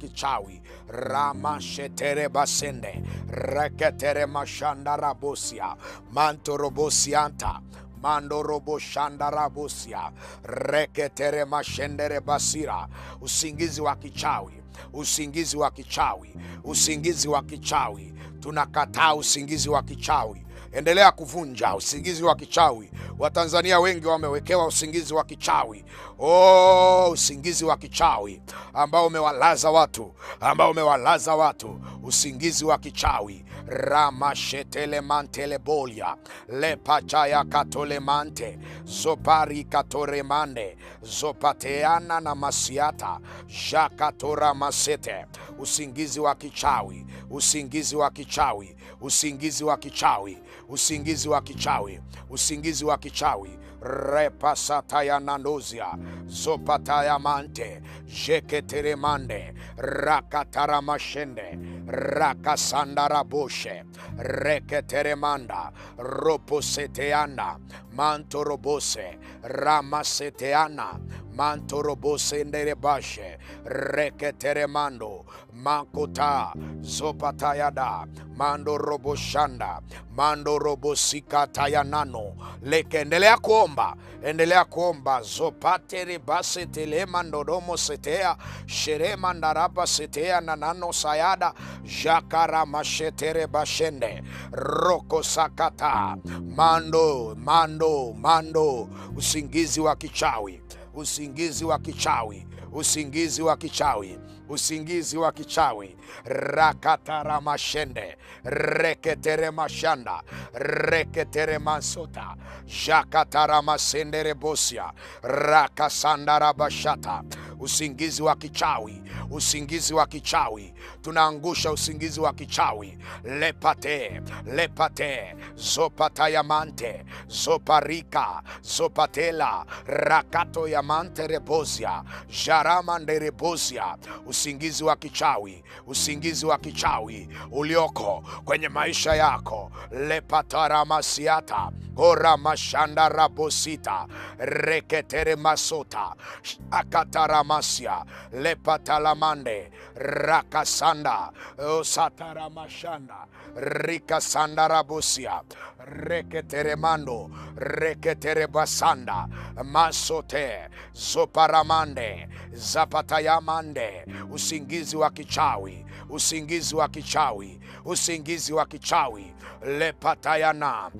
kichawi ramasheterebasende reketeremashandarabosia mantorobosianta mandoroboshandarabosia shandarabosia reketere mashendere basira usingizi wa kichawi usingizi wa kichawi usingizi wa kichawi tunakataa usingizi wa kichawi endelea kuvunja usingizi wa kichawi. Watanzania wengi wamewekewa usingizi wa kichawi. Oh, usingizi wa kichawi ambao umewalaza watu, ambao umewalaza watu, usingizi wa kichawi ramashetelemantelebolia lepachaya katolemante zopari katoremande zopateana na masiata shakatora masete usingizi wa kichawi usingizi wa kichawi usingizi wa kichawi usingizi wa kichawi, usingizi wa kichawi repasatayanandozia zopatayamante jeketeremande rakataramashende rakasandaraboshe reketeremanda roposeteana mantorobose ramaseteana mantorobosenderebashe bashe reketeremando makota zopatayada mando roboshanda mando robosikatayanano leke. Endelea kuomba, endelea kuomba zopatere base setea sherema setea nanano sayada jakara mashetere bashende roko sakata mando mando mando usingizi wa kichawi usingizi wa kichawi, usingizi wa kichawi usingizi wa kichawi rakatara mashende reketere mashanda reketere masota jakatara masendere bosia rakasandara bashata usingizi wa kichawi usingizi wa kichawi tunaangusha usingizi wa kichawi lepate lepate zopatayamante zoparika zopatela rakato yamante rebosia jarama usingizi wa kichawi, usingizi wa kichawi ulioko kwenye maisha yako. lepataramasiata ora mashanda rabosita reketere masota akataramasia lepatalamande rakasanda rikasanda rabusia reketeremando reketerebasanda masote zoparamande zapatayamande usingizi wa kichawi usingizi wa kichawi usingizi wa kichawi lepatayana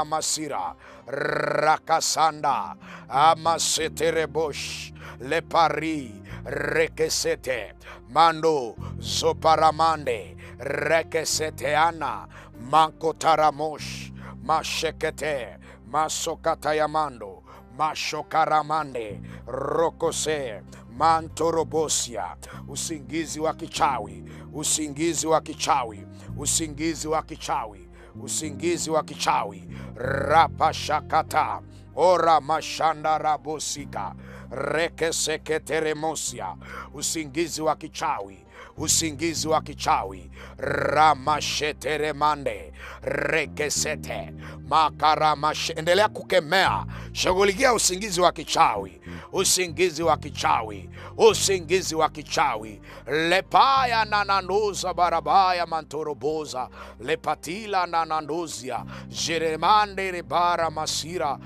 masira rakasanda amaseterebosh lepari rekesete mando zoparamande rekeseteana makotaramosh mashekete masokatayamando mashokaramande rokose mantorobosia, usingizi wa kichawi, usingizi wa kichawi, usingizi wa kichawi, usingizi wa kichawi, rapashakata ora mashandarabosika rekeseketeremosia, usingizi wa kichawi usingizi wa kichawi ramasheteremande rekesete makaramashe. Endelea kukemea, shughulikia usingizi wa kichawi, usingizi wa kichawi, usingizi wa kichawi lepaya nananuza barabaya mantoroboza lepatila nananduzia jeremande rebara masira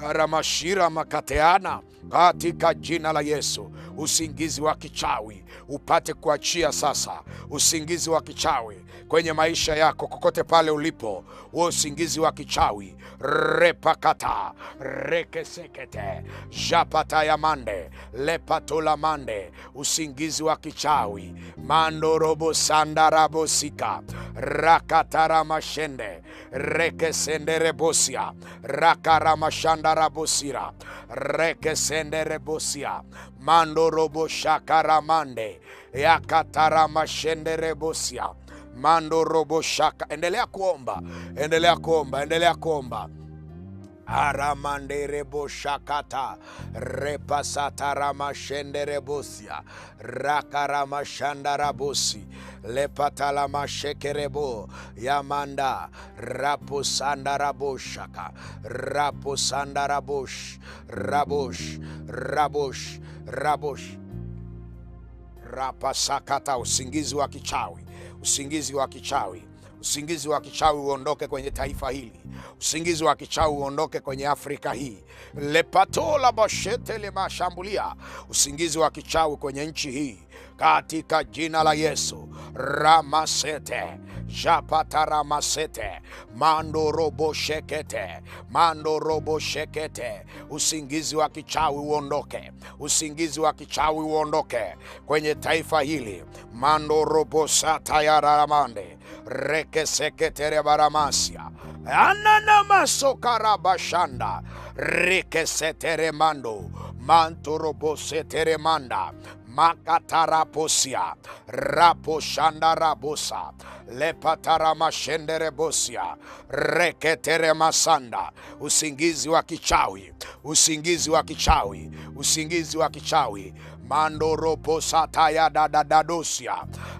ramashira makateana katika jina la Yesu, usingizi wa kichawi upate kuachia sasa, usingizi wa kichawi kwenye maisha yako, kokote pale ulipo, huo usingizi wa kichawi repakata rekesekete japata ya mande lepatola mande, usingizi wa kichawi mandorobo sandarabosika rakataramashende rekesenderebosia rakaramashandarabosira rekesenderebosia mandorobo shakaramande mashenderebosia mandoroboshaka. Endelea kuomba, endelea kuomba, endelea kuomba aramandereboshakata repasataramashenderebosia rakaramashandarabosi lepatalamashekerebo yamanda raposandaraboshaka raposandarabosh rabosh rabosh rabosh rapasakata usingizi wa kichawi Usingizi wa kichawi usingizi wa kichawi uondoke kwenye taifa hili, usingizi wa kichawi uondoke kwenye Afrika hii. lepatola boshete lemashambulia usingizi wa kichawi kwenye nchi hii katika jina la Yesu ramasete mando robo shekete mandorobo shekete. Usingizi wa kichawi uondoke, usingizi wa kichawi uondoke kwenye taifa hili mando mandorobo satayararamande rekeseketerebaramasia ananamasokarabashanda rekeseteremando mantoroboseteremanda makataraposia raposhandarabosa lepataramashenderebosia reketeremasanda. Usingizi wa kichawi, usingizi wa kichawi, usingizi wa kichawi mandoroposataya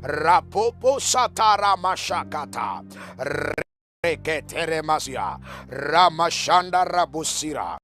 rapoposataramashakata reketeremasia ramashanda rabusira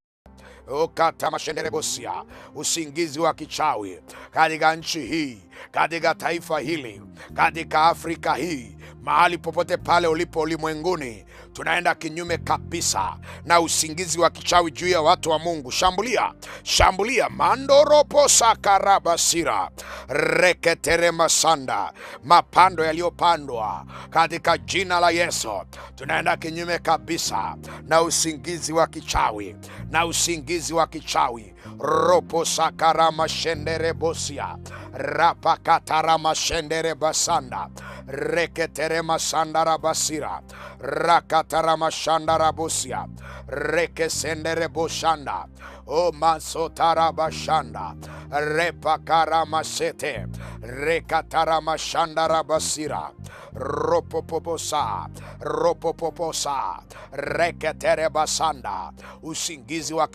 mashenderegosia usingizi wa kichawi katika nchi hii katika taifa hili, katika Afrika hii, mahali popote pale ulipo ulimwenguni. Tunaenda kinyume kabisa na usingizi wa kichawi juu ya watu wa Mungu. Shambulia, shambulia mandoropo sakarabasira reketere masanda mapando yaliyopandwa katika jina la Yesu. Tunaenda kinyume kabisa na usingizi wa kichawi na usingizi wa kichawi ropo sakarama shenderebosia rapa Pakatara Mashendere Basanda, Reketere Masandara Basira, Rakatara Mashandara Busia, Rekesendere Boshanda, O Masotara Bashanda, Repakara Masete, Rekatara Mashandara Basira, Ropopoposa, Ropopoposa, Reketere Basanda, usingizi wa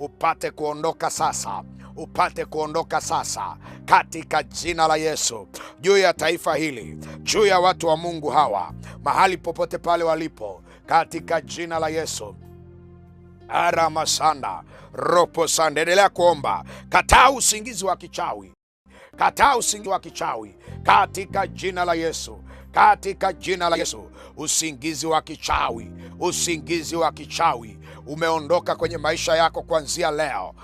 upate kuondoka sasa, upate kuondoka sasa katika jina la Yesu, juu ya taifa hili, juu ya watu wa Mungu hawa, mahali popote pale walipo, katika jina la Yesu. Aramasanda ropo sanda, endelea kuomba. Kataa usingizi wa kichawi, kataa usingizi wa kichawi katika jina la Yesu, katika jina la Yesu, usingizi wa kichawi, usingizi wa kichawi umeondoka kwenye maisha yako kuanzia leo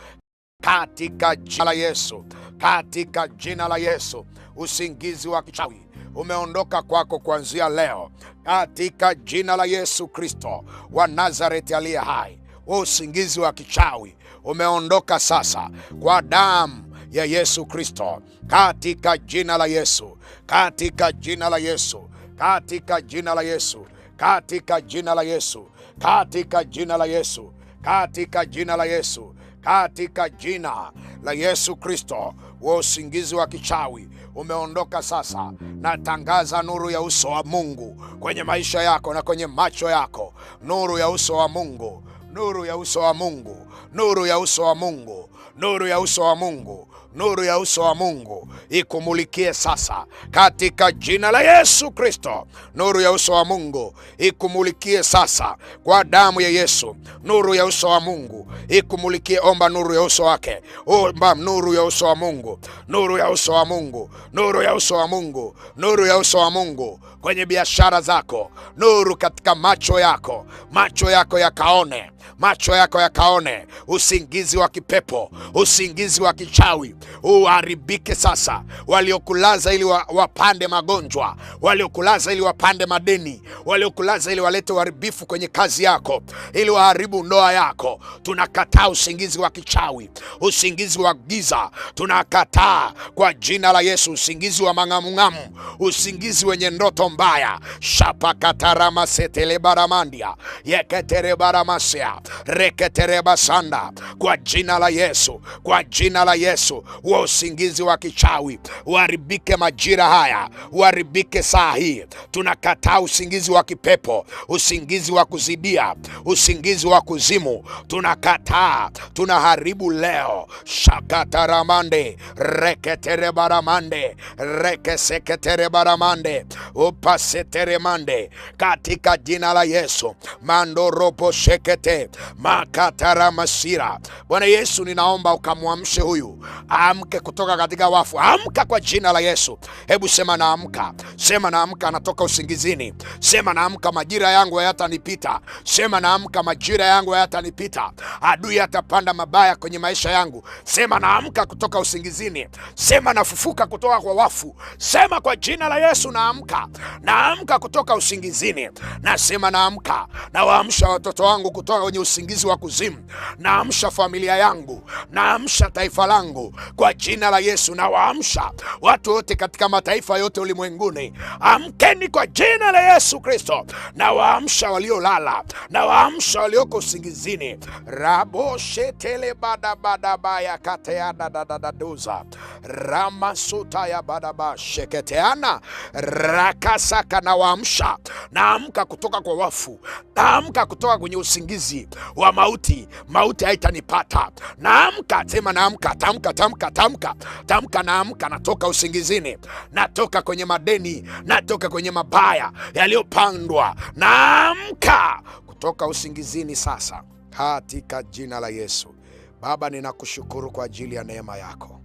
katika jina la Yesu, katika jina la Yesu. Usingizi wa kichawi umeondoka kwako kuanzia leo katika jina la Yesu Kristo wa Nazareti aliye hai. Wa usingizi wa kichawi umeondoka sasa kwa damu ya Yesu Kristo, katika jina la Yesu, katika jina la Yesu, katika jina la Yesu, katika jina la Yesu katika jina la Yesu, katika jina la Yesu, katika jina la Yesu Kristo. Wa usingizi wa kichawi umeondoka sasa. Natangaza nuru ya uso wa Mungu kwenye maisha yako na kwenye macho yako, nuru ya uso wa Mungu, nuru ya uso wa Mungu, nuru ya uso wa Mungu, nuru ya uso wa Mungu nuru ya uso wa Mungu ikumulikie sasa, katika jina la Yesu Kristo. Nuru ya uso wa Mungu ikumulikie sasa, kwa damu ya Yesu. Nuru ya uso wa Mungu ikumulikie. Omba nuru ya uso wake, omba nuru ya uso wa Mungu, nuru ya uso wa Mungu, nuru ya uso wa Mungu, nuru ya uso wa Mungu kwenye biashara zako, nuru katika macho yako, macho yako yakaone, macho yako yakaone usingizi wa kipepo, usingizi wa kichawi uharibike sasa. Waliokulaza ili wapande magonjwa, waliokulaza ili wapande madeni, waliokulaza ili walete uharibifu kwenye kazi yako, ili waharibu ndoa yako, tunakataa usingizi wa kichawi, usingizi wa giza, tunakataa kwa jina la Yesu, usingizi wa mang'amung'amu, usingizi wenye ndoto mbaya shapakataramasetelebaramandia yeketerebaramasea reketerebasanda, kwa jina la Yesu, kwa jina la Yesu huwa usingizi wa kichawi uharibike majira haya, uharibike saa hii. Tunakataa usingizi wa kipepo, usingizi wa kuzidia, usingizi wa kuzimu, tunakataa, tunaharibu leo. shakataramande reketerebaramande rekeseketerebaramande upaseteremande katika jina la Yesu mandoropo shekete makataramasira. Bwana Yesu, ninaomba ukamwamshe huyu aamke kutoka katika wafu, amka kwa jina la Yesu. Hebu sema naamka, sema naamka, anatoka usingizini. Sema naamka, majira yangu hayatanipita. Sema naamka, majira yangu hayatanipita. Adui atapanda mabaya kwenye maisha yangu. Sema naamka kutoka usingizini. Sema nafufuka kutoka kwa wafu. Sema kwa jina la Yesu, naamka, naamka kutoka usingizini. Nasema naamka, nawaamsha watoto wangu kutoka kwenye usingizi wa kuzimu. Naamsha familia yangu, naamsha taifa langu kwa jina la Yesu. Nawaamsha watu wote katika mataifa yote ulimwenguni, amkeni kwa jina la Yesu Kristo. Nawaamsha waliolala, nawaamsha walioko usingizini. raboshetele badabadabaya kateadadadaduza ramasuta ya badaba sheketeana rakasaka. Nawaamsha, naamka kutoka kwa wafu, naamka kutoka kwenye usingizi wa mauti. Mauti haitanipata. Naamka, sema naamka, tamka, tamka tamka, tamka, tamka, naamka, natoka usingizini, natoka kwenye madeni, natoka kwenye mabaya yaliyopandwa, naamka kutoka usingizini sasa, katika jina la Yesu. Baba, ninakushukuru kwa ajili ya neema yako.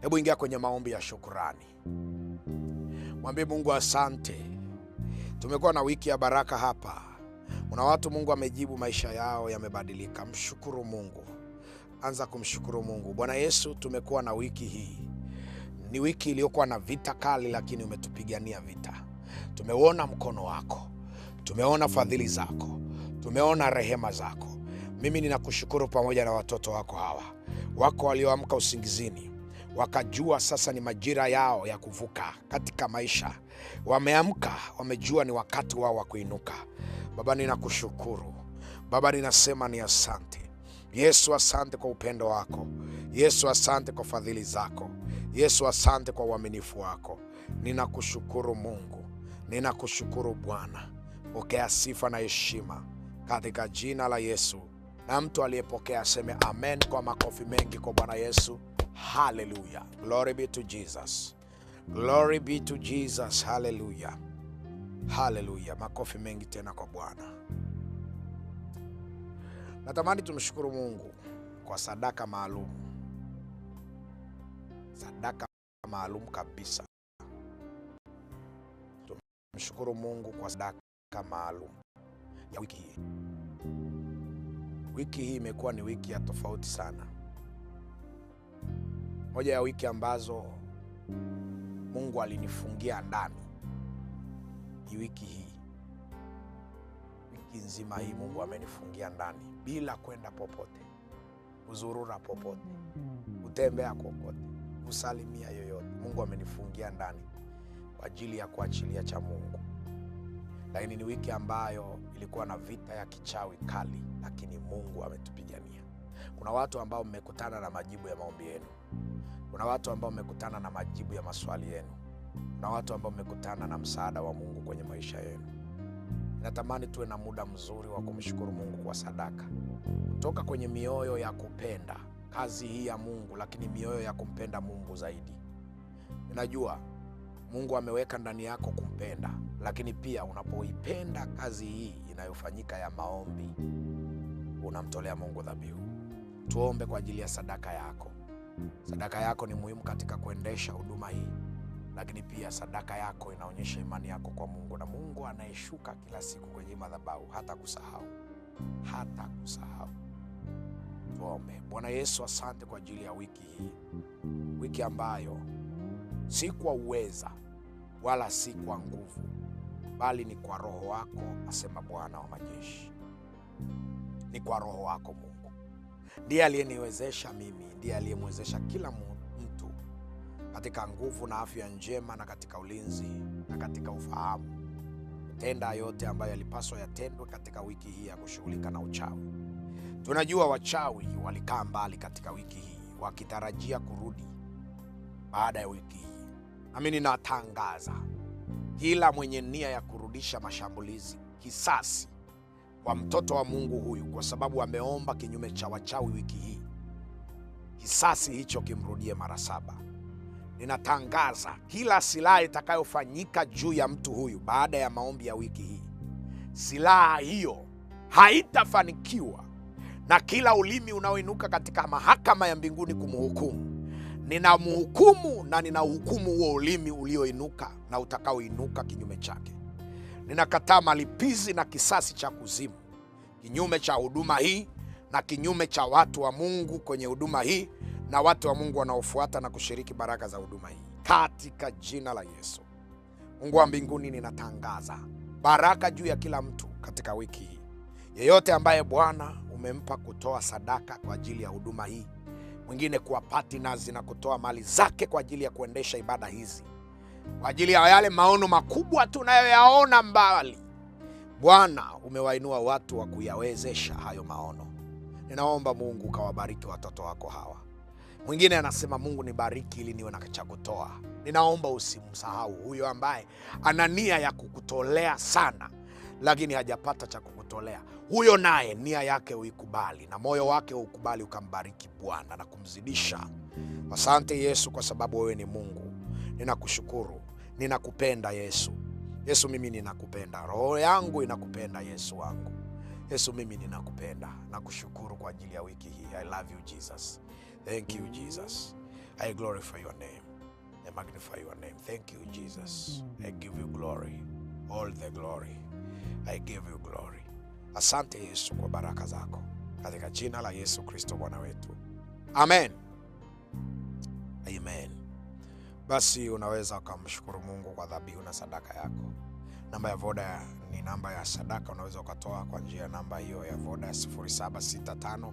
Hebu ingia kwenye maombi ya shukurani, mwambie Mungu asante. Tumekuwa na wiki ya baraka hapa. Kuna watu Mungu amejibu, maisha yao yamebadilika. Mshukuru Mungu anza kumshukuru Mungu. Bwana Yesu, tumekuwa na wiki hii, ni wiki iliyokuwa na vita kali, lakini umetupigania vita. Tumeuona mkono wako, tumeona fadhili zako, tumeona rehema zako. Mimi ninakushukuru pamoja na watoto wako hawa, wako walioamka usingizini wakajua sasa ni majira yao ya kuvuka katika maisha. Wameamka, wamejua ni wakati wao wa kuinuka. Baba, ninakushukuru Baba, ninasema ni asante Yesu, asante kwa upendo wako. Yesu, asante kwa fadhili zako. Yesu, asante kwa uaminifu wako. Ninakushukuru Mungu, ninakushukuru Bwana. Pokea sifa na heshima katika jina la Yesu, na mtu aliyepokea aseme amen kwa makofi mengi kwa Bwana Yesu. Haleluya, glory be to Jesus, glory be to Jesus. Haleluya, haleluya, makofi mengi tena kwa Bwana. Natamani tumshukuru Mungu kwa sadaka maalum, sadaka maalum kabisa. Tumshukuru Mungu kwa sadaka maalum ya wiki hii. Wiki hii imekuwa ni wiki ya tofauti sana, moja ya wiki ambazo Mungu alinifungia ndani ni wiki hii, wiki nzima hii Mungu amenifungia ndani bila kwenda popote, kuzurura popote, kutembea mm. kokote, kusalimia yoyote. Mungu amenifungia ndani kwa ajili ya kuachilia cha Mungu, lakini ni wiki ambayo ilikuwa na vita ya kichawi kali, lakini Mungu ametupigania. Kuna watu ambao mmekutana na majibu ya maombi yenu, kuna watu ambao mmekutana na majibu ya maswali yenu, kuna watu ambao mmekutana na msaada wa Mungu kwenye maisha yenu. Natamani tuwe na muda mzuri wa kumshukuru Mungu kwa sadaka kutoka kwenye mioyo ya kupenda kazi hii ya Mungu, lakini mioyo ya kumpenda Mungu zaidi. Ninajua Mungu ameweka ndani yako kumpenda, lakini pia unapoipenda kazi hii inayofanyika ya maombi, unamtolea Mungu dhabihu. Tuombe kwa ajili ya sadaka yako. Sadaka yako ni muhimu katika kuendesha huduma hii lakini pia sadaka yako inaonyesha imani yako kwa Mungu, na Mungu anayeshuka kila siku kwenye madhabahu hata kusahau, hata kusahau. Tuombe. Bwana Yesu, asante kwa ajili ya wiki hii, wiki ambayo si kwa uweza wala si kwa nguvu, bali ni kwa Roho wako, asema Bwana wa majeshi. Ni kwa Roho wako Mungu ndiye aliyeniwezesha mimi, ndiye aliyemwezesha kila mtu katika nguvu na afya njema na katika ulinzi na katika ufahamu, tenda yote ambayo yalipaswa yatendwe katika wiki hii ya kushughulika na uchawi. Tunajua wachawi walikaa mbali katika wiki hii wakitarajia kurudi baada ya wiki hii, nami ninatangaza kila mwenye nia ya kurudisha mashambulizi kisasi kwa mtoto wa Mungu huyu, kwa sababu ameomba kinyume cha wachawi wiki hii, kisasi hicho kimrudie mara saba ninatangaza kila silaha itakayofanyika juu ya mtu huyu baada ya maombi ya wiki hii, silaha hiyo haitafanikiwa, na kila ulimi unaoinuka katika mahakama ya mbinguni kumhukumu ninamhukumu na uhukumu huo ulimi ulioinuka na utakaoinuka kinyume chake. Ninakataa malipizi na kisasi cha kuzimu kinyume cha huduma hii na kinyume cha watu wa Mungu kwenye huduma hii na watu wa Mungu wanaofuata na kushiriki baraka za huduma hii katika jina la Yesu. Mungu wa mbinguni, ninatangaza baraka juu ya kila mtu katika wiki hii. Yeyote ambaye Bwana umempa kutoa sadaka kwa ajili ya huduma hii, mwingine kuwa partners na kutoa mali zake kwa ajili ya kuendesha ibada hizi, kwa ajili ya yale maono makubwa tunayoyaona mbali, Bwana umewainua watu wa kuyawezesha hayo maono. Ninaomba Mungu ukawabariki watoto wako hawa Mwingine anasema Mungu nibariki ili niwe na cha kutoa. Ninaomba usimsahau huyo ambaye ana nia ya kukutolea sana, lakini hajapata cha kukutolea. Huyo naye nia yake uikubali na moyo wake ukubali, ukambariki Bwana na kumzidisha. Asante Yesu, kwa sababu wewe ni Mungu. Ninakushukuru, ninakupenda Yesu. Yesu mimi ninakupenda, roho yangu inakupenda Yesu wangu. Yesu mimi ninakupenda, nakushukuru kwa ajili ya wiki hii. I love you Jesus. Thank you, Jesus. I glorify your name. I magnify your name. Thank you, Jesus. I give you glory, all the glory. I give you glory. Asante Yesu kwa baraka zako katika jina la Yesu Kristo Bwana wetu, amen. Amen. Basi unaweza ukamshukuru Mungu kwa dhabihu na sadaka yako. Namba ya voda ni namba ya sadaka, unaweza ukatoa kwa njia ya namba hiyo ya voda ya 0765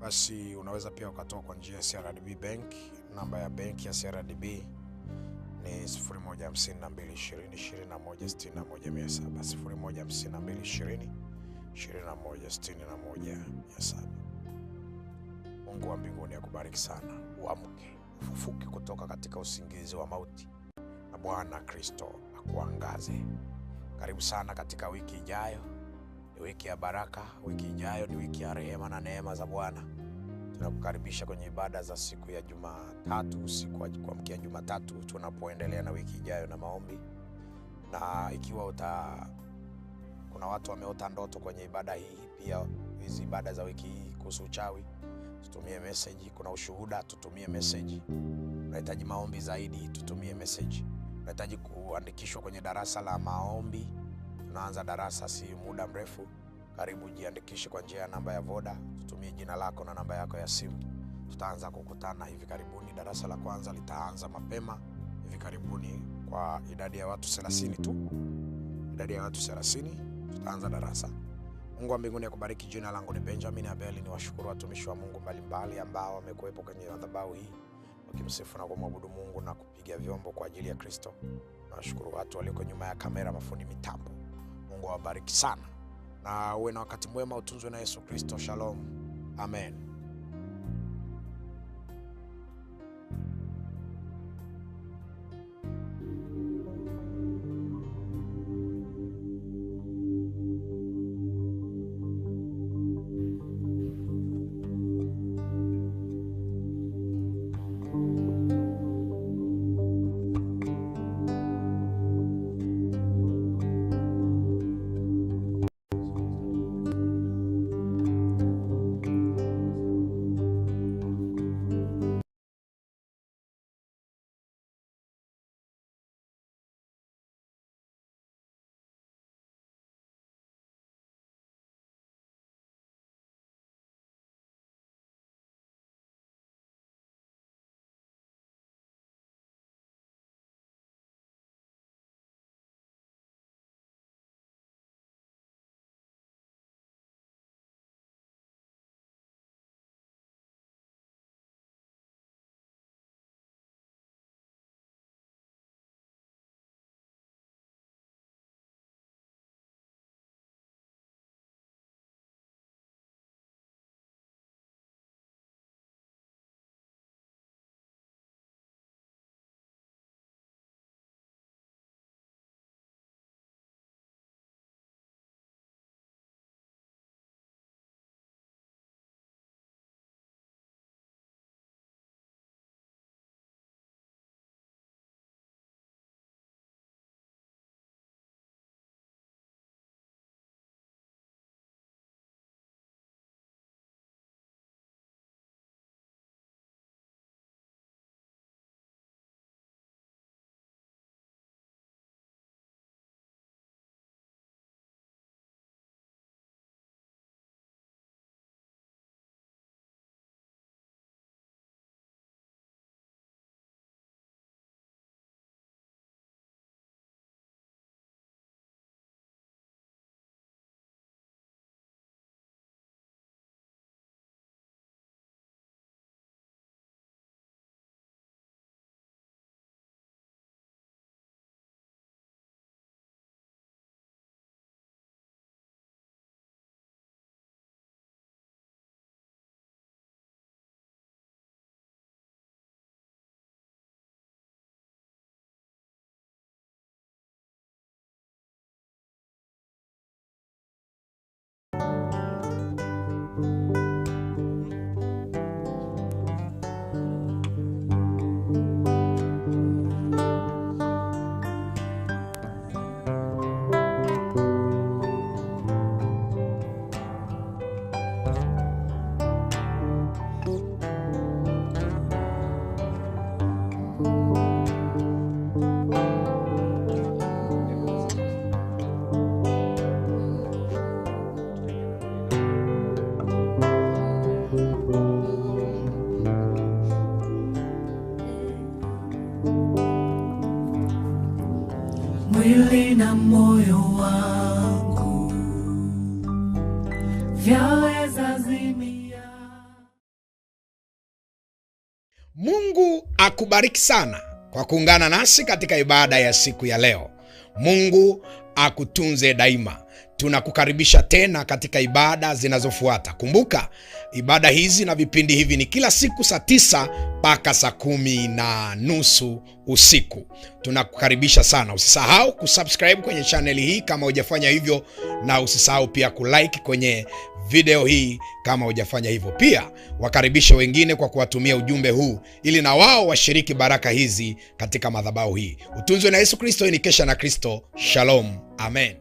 basi unaweza pia ukatoa kwa njia ya CRDB Bank. Namba ya benki ya CRDB ni 015220216117, Mungu wa mbinguni akubariki sana, uamke ufufuke kutoka katika usingizi wa mauti, na Bwana Kristo akuangaze. Karibu sana katika wiki ijayo. Ni wiki ya baraka. Wiki ijayo ni wiki ya rehema na neema za Bwana. Tunakukaribisha kwenye ibada za siku ya Jumatatu, usiku wa kuamkia Jumatatu, tunapoendelea na wiki ijayo na maombi. Na ikiwa uta kuna watu wameota ndoto kwenye ibada hii, pia hizi ibada za wiki hii kuhusu uchawi, tutumie meseji. Kuna ushuhuda, tutumie meseji. Unahitaji maombi zaidi, tutumie meseji. Unahitaji kuandikishwa kwenye darasa la maombi Tunaanza darasa si muda mrefu. Karibu, jiandikishe kwa njia ya namba ya Voda, tutumie jina lako na namba yako ya simu. Tutaanza kukutana hivi karibuni. Darasa la kwanza litaanza mapema hivi karibuni kwa idadi ya watu 30 tu, idadi ya watu 30 tutaanza darasa. Mungu wa mbinguni akubariki. Jina langu ni Benjamin Abeli. Ni washukuru watumishi wa Mungu mbalimbali ambao wamekuwepo kwenye madhabahu hii wakimsifu na kumwabudu Mungu na kupiga vyombo kwa ajili ya Kristo. Nawashukuru watu walioko nyuma ya kamera, mafundi mitambo Mungu awabariki sana na uwe na wakati mwema, utunzwe na Yesu Kristo. Shalom, amen. na moyo wangu vyaweza zimia. Mungu akubariki sana kwa kuungana nasi katika ibada ya siku ya leo. Mungu akutunze daima. Tunakukaribisha tena katika ibada zinazofuata. Kumbuka, ibada hizi na vipindi hivi ni kila siku saa tisa mpaka saa kumi na nusu usiku. Tunakukaribisha sana. Usisahau kusubscribe kwenye chaneli hii kama hujafanya hivyo, na usisahau pia kulike kwenye video hii kama hujafanya hivyo. Pia wakaribishe wengine kwa kuwatumia ujumbe huu, ili na wao washiriki baraka hizi katika madhabau hii. Utunzwe na Yesu Kristo, kesha na Kristo. Shalom, amen.